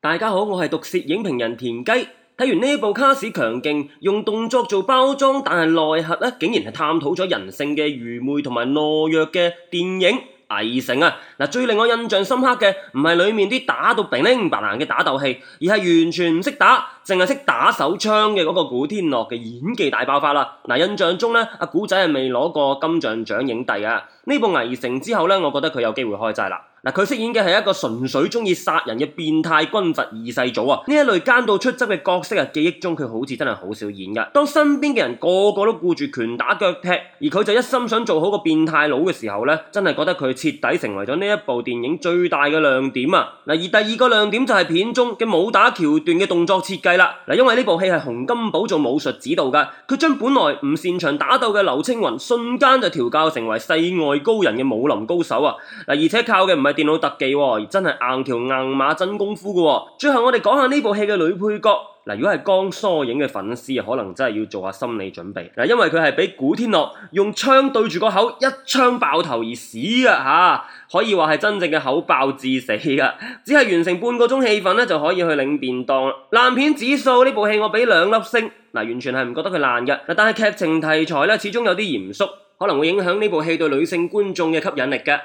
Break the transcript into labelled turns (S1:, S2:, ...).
S1: 大家好，我係毒舌影評人田雞。睇完呢部卡士強勁，用動作做包裝，但係內核咧、啊，竟然係探討咗人性嘅愚昧同埋懦弱嘅電影《危城》啊！最令我印象深刻嘅唔係裏面啲打到 bling bling 嘅打鬥戲，而係完全唔識打，淨係識打手槍嘅嗰個古天樂嘅演技大爆發啦、啊！印象中呢，阿古仔係未攞過金像獎影帝嘅，呢部危城之後呢，我覺得佢有機會開齋啦！嗱、啊，佢飾演嘅係一個純粹中意殺人嘅變態軍閥二世祖啊，呢一類奸到出汁嘅角色啊，記憶中佢好似真係好少演噶。當身邊嘅人個個都顧住拳打腳踢，而佢就一心想做好個變態佬嘅時候呢，真係覺得佢徹底成為咗這一部電影最大嘅亮點啊！而第二個亮點就係片中嘅武打橋段嘅動作設計啦。因為呢部戲係洪金寶做武術指導噶，佢將本來唔擅長打鬥嘅劉青雲瞬間就調教成為世外高人嘅武林高手啊！而且靠嘅唔係電腦特技，哦，而真係硬橋硬馬真功夫噶，哦。最後我哋講下呢部戲嘅女配角。如果係江疏影嘅粉絲，可能真係要做下心理準備。因為佢係俾古天樂用槍對住個口，一槍爆頭而死嘅，啊、可以話係真正嘅口爆致死嘅。只係完成半個鐘戲份就可以去領便當啦。爛片指數呢部戲我俾兩粒星，完全係唔覺得佢爛嘅。但係劇情題材始終有啲嚴肅，可能會影響呢部戲對女性觀眾嘅吸引力嘅。